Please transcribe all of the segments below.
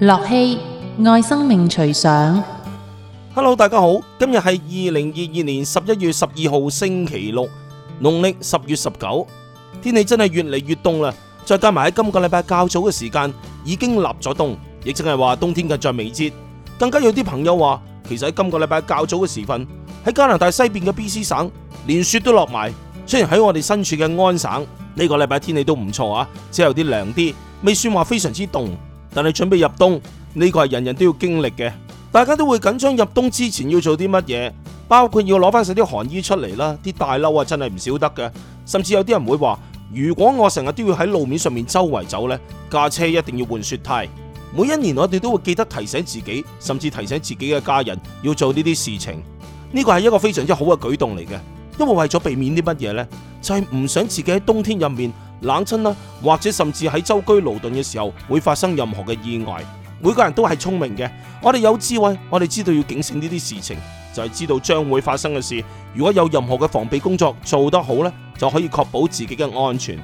樂熙愛生命隨想，Hello，大家好，今日係二零二二年十一月十二號星期六，農曆十月十九，天氣真係越嚟越凍啦！再加埋喺今個禮拜較早嘅時間已經立咗冬，亦即係話冬天嘅最尾節。更加有啲朋友話，其實喺今個禮拜較早嘅時分，喺加拿大西邊嘅 B C 省連雪都落埋。雖然喺我哋身處嘅安省，呢個禮拜天氣都唔錯啊，只係有啲涼啲，未算話非常之凍。但係準備入冬呢個係人人都要經歷嘅，大家都會緊張入冬之前要做啲乜嘢，包括要攞翻晒啲寒衣出嚟啦，啲大褸啊真係唔少得嘅，甚至有啲人會話，如果我成日都要喺路面上面周圍走呢，架車一定要換雪胎。每一年我哋都會記得提醒自己，甚至提醒自己嘅家人要做呢啲事情，呢個係一個非常之好嘅舉動嚟嘅，因為為咗避免啲乜嘢呢，就係唔想自己喺冬天入面，冷親啦、啊，或者甚至喺周居勞頓嘅時候會發生任何嘅意外。每個人都係聰明嘅，我哋有智慧，我哋知道要警醒呢啲事情，就係、是、知道將會發生嘅事。如果有任何嘅防備工作做得好呢，就可以確保自己嘅安全。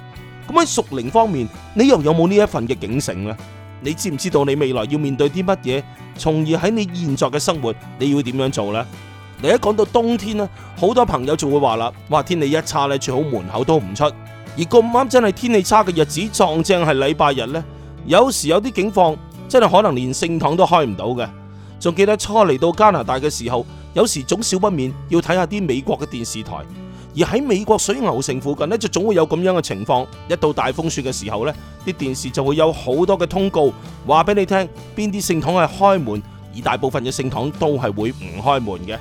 咁喺熟齡方面，你又有冇呢一份嘅警醒呢？你知唔知道你未來要面對啲乜嘢？從而喺你現在嘅生活，你要點樣做呢？你一講到冬天呢，好多朋友就會話啦：哇，天氣一差咧，最好門口都唔出。而咁啱真係天氣差嘅日子，撞正係禮拜日呢。有時有啲景況真係可能連聖堂都開唔到嘅。仲記得初嚟到加拿大嘅時候，有時總少不免要睇下啲美國嘅電視台。而喺美國水牛城附近呢，就總會有咁樣嘅情況。一到大風雪嘅時候呢，啲電視就會有好多嘅通告，話俾你聽邊啲聖堂係開門，而大部分嘅聖堂都係會唔開門嘅。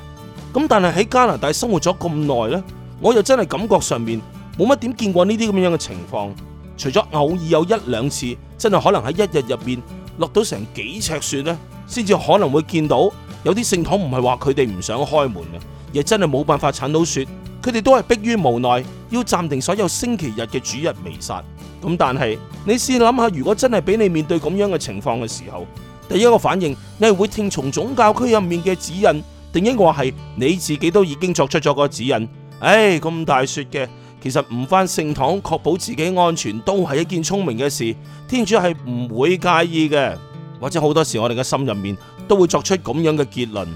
咁但係喺加拿大生活咗咁耐呢，我又真係感覺上面。冇乜點見過呢啲咁樣嘅情況，除咗偶爾有一兩次，真係可能喺一日入邊落到成幾尺雪呢，先至可能會見到有啲聖堂。唔係話佢哋唔想開門啊，亦真係冇辦法鏟到雪，佢哋都係迫於無奈要暫停所有星期日嘅主日彌撒。咁但係你試諗下，如果真係俾你面對咁樣嘅情況嘅時候，第一個反應你係會聽從總教區入面嘅指引，定抑或係你自己都已經作出咗個指引？唉、哎，咁大雪嘅。其實唔返聖堂，確保自己安全都係一件聰明嘅事。天主係唔會介意嘅，或者好多時我哋嘅心入面都會作出咁樣嘅結論。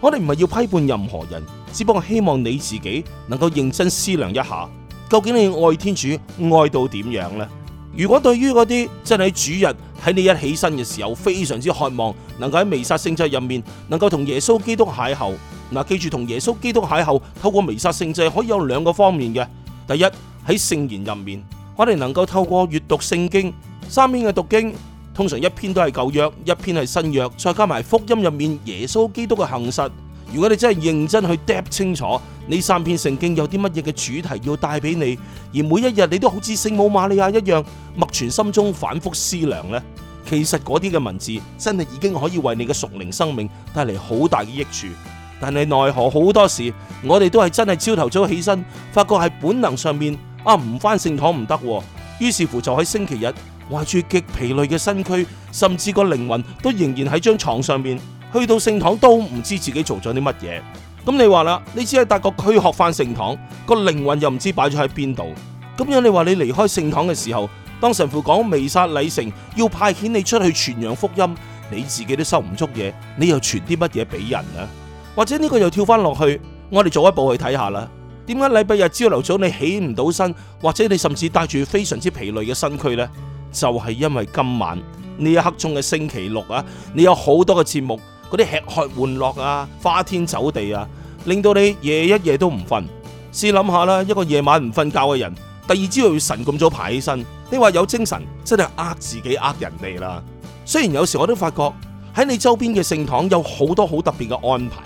我哋唔係要批判任何人，只不過希望你自己能夠認真思量一下，究竟你愛天主愛到點樣呢？如果對於嗰啲真係喺主日喺你一起身嘅時候，非常之渴望能夠喺彌撒聖祭入面能夠同耶穌基督邂逅，嗱，記住同耶穌基督邂逅透過彌撒聖祭可以有兩個方面嘅。第一，喺聖言入面，我哋能夠透過閱讀聖經三篇嘅讀經，通常一篇都係舊約，一篇係新約，再加埋福音入面耶穌基督嘅行實。如果你真係認真去 deep 清楚，呢三篇聖經有啲乜嘢嘅主題要帶俾你，而每一日你都好似聖母瑪利亞一樣默存心中，反復思量呢，其實嗰啲嘅文字真係已經可以為你嘅屬靈生命帶嚟好大嘅益處。但係奈何好多時，我哋都係真係朝頭早起身，發覺係本能上面啊，唔翻聖堂唔得、啊。於是乎就喺星期日，懷住極疲累嘅身軀，甚至個靈魂都仍然喺張床上面，去到聖堂都唔知自己做咗啲乜嘢。咁、嗯、你話啦，你只係搭個軀殼翻聖堂，個靈魂又唔知擺咗喺邊度。咁樣你話你離開聖堂嘅時候，當神父講彌撒禮成，要派遣你出去傳揚福音，你自己都收唔足嘢，你又傳啲乜嘢俾人啊？或者呢個又跳翻落去，我哋早一步去睇下啦。點解禮拜日朝頭早你起唔到身，或者你甚至帶住非常之疲累嘅身軀呢？就係因為今晚呢一刻鐘嘅星期六啊，你有好多嘅節目，嗰啲吃喝玩樂啊、花天酒地啊，令到你夜一夜都唔瞓。試諗下啦，一個夜晚唔瞓覺嘅人，第二朝又要晨咁早爬起身，你話有精神，真係呃自己呃人哋啦。雖然有時我都發覺喺你周邊嘅聖堂有好多好特別嘅安排。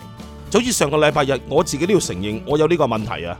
就好似上個禮拜日，我自己都要承認我有呢個問題啊，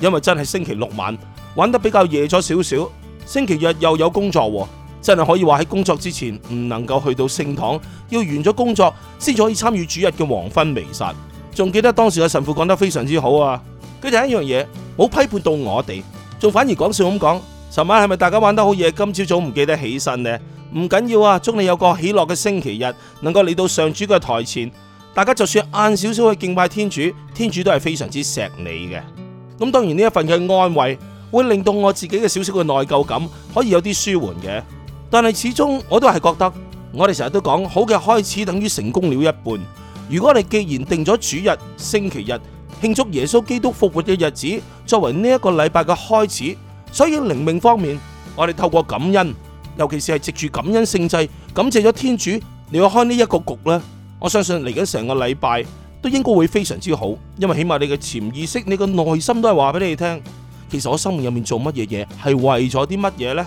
因為真係星期六晚玩得比較夜咗少少，星期日又有工作啊，真係可以話喺工作之前唔能夠去到聖堂，要完咗工作先可以參與主日嘅黃昏彌撒。仲記得當時阿神父講得非常之好啊，佢就一樣嘢，冇批判到我哋，仲反而講笑咁講，尋晚係咪大家玩得好夜，今朝早唔記得起身呢？唔緊要啊，祝你有個喜樂嘅星期日，能夠嚟到上主嘅台前。大家就算晏少少去敬拜天主，天主都係非常之錫你嘅。咁當然呢一份嘅安慰，會令到我自己嘅少少嘅內疚感可以有啲舒緩嘅。但係始終我都係覺得，我哋成日都講好嘅開始等於成功了一半。如果你既然定咗主日，星期日慶祝耶穌基督復活嘅日子作為呢一個禮拜嘅開始，所以靈命方面，我哋透過感恩，尤其是係藉住感恩聖祭，感謝咗天主，離開呢一個局咧。我相信嚟緊成個禮拜都應該會非常之好，因為起碼你嘅潛意識、你嘅內心都係話俾你哋聽，其實我生命入面做乜嘢嘢係為咗啲乜嘢呢？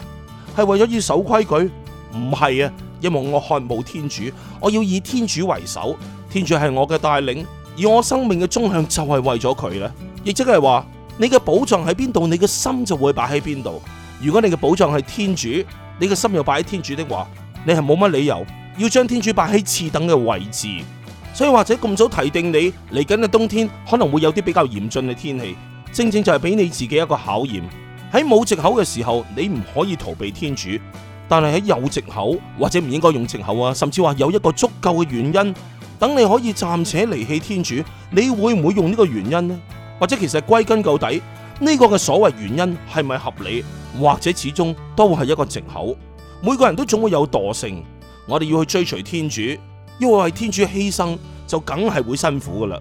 係為咗要守規矩？唔係啊！因為我渴慕天主，我要以天主為首，天主係我嘅帶領，而我生命嘅終向就係為咗佢咧。亦即係話，你嘅寶藏喺邊度，你嘅心就會擺喺邊度。如果你嘅寶藏係天主，你嘅心又擺喺天主的話，你係冇乜理由。要將天主擺喺次等嘅位置，所以或者咁早提定你嚟緊嘅冬天可能會有啲比較嚴峻嘅天氣，正正就係俾你自己一個考驗。喺冇藉口嘅時候，你唔可以逃避天主，但係喺有藉口或者唔應該用藉口啊，甚至話有一個足夠嘅原因，等你可以暫且離棄天主，你會唔會用呢個原因呢？或者其實歸根究底呢個嘅所謂原因係咪合理？或者始終都係一個藉口？每個人都總會有惰性。我哋要去追隨天主，要為,為天主犧牲，就梗係會辛苦噶啦。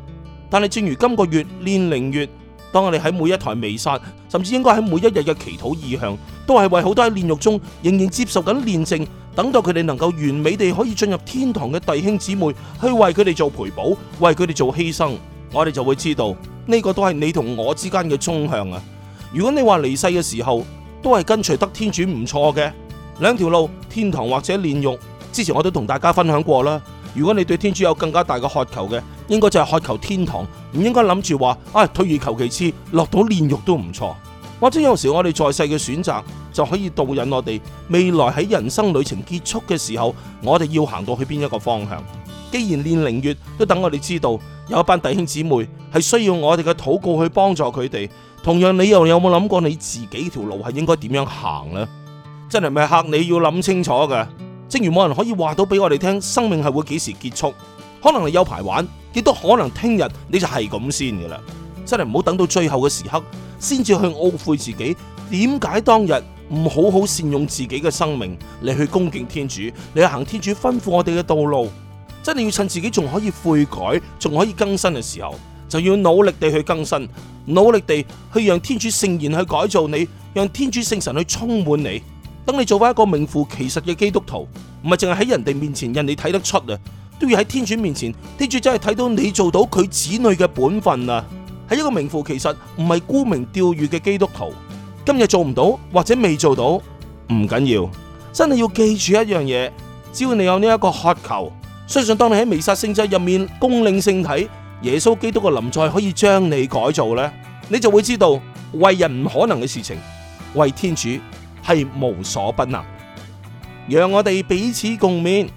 但係正如今個月煉靈月，當我哋喺每一台彌撒，甚至應該喺每一日嘅祈禱意向，都係為好多喺煉獄中仍然接受緊煉淨，等到佢哋能夠完美地可以進入天堂嘅弟兄姊妹，去為佢哋做陪補，為佢哋做犧牲，我哋就會知道呢、這個都係你同我之間嘅忠向啊！如果你話離世嘅時候都係跟隨得天主唔錯嘅兩條路，天堂或者煉獄。之前我都同大家分享過啦。如果你對天主有更加大嘅渴求嘅，應該就係渴求天堂，唔應該諗住話啊退而求其次，落到煉獄都唔錯。或者有時我哋在世嘅選擇就可以導引我哋未來喺人生旅程結束嘅時候，我哋要行到去邊一個方向。既然煉靈月都等我哋知道有一班弟兄姊妹係需要我哋嘅禱告去幫助佢哋，同樣你又有冇諗過你自己條路係應該點樣行呢？真係咪吓你要諗清楚嘅？正如冇人可以話到俾我哋聽，生命係會幾時結束？可能你有排玩，亦都可能聽日你就係咁先噶啦。真係唔好等到最後嘅時刻，先至去懊悔自己點解當日唔好好善用自己嘅生命嚟去恭敬天主，嚟行天主吩咐我哋嘅道路。真係要趁自己仲可以悔改、仲可以更新嘅時候，就要努力地去更新，努力地去讓天主聖言去改造你，讓天主聖神去充滿你。等你做翻一個名副其實嘅基督徒，唔係淨係喺人哋面前人哋睇得出啊，都要喺天主面前，天主真係睇到你做到佢子女嘅本分啊，係一個名副其實唔係沽名釣譽嘅基督徒。今日做唔到或者未做到唔緊要，真係要記住一樣嘢，只要你有呢一個渴求，相信當你喺彌撒聖祭入面恭領聖體，耶穌基督嘅臨在可以將你改造呢，你就會知道為人唔可能嘅事情，為天主，係無所不能，讓我哋彼此共勉。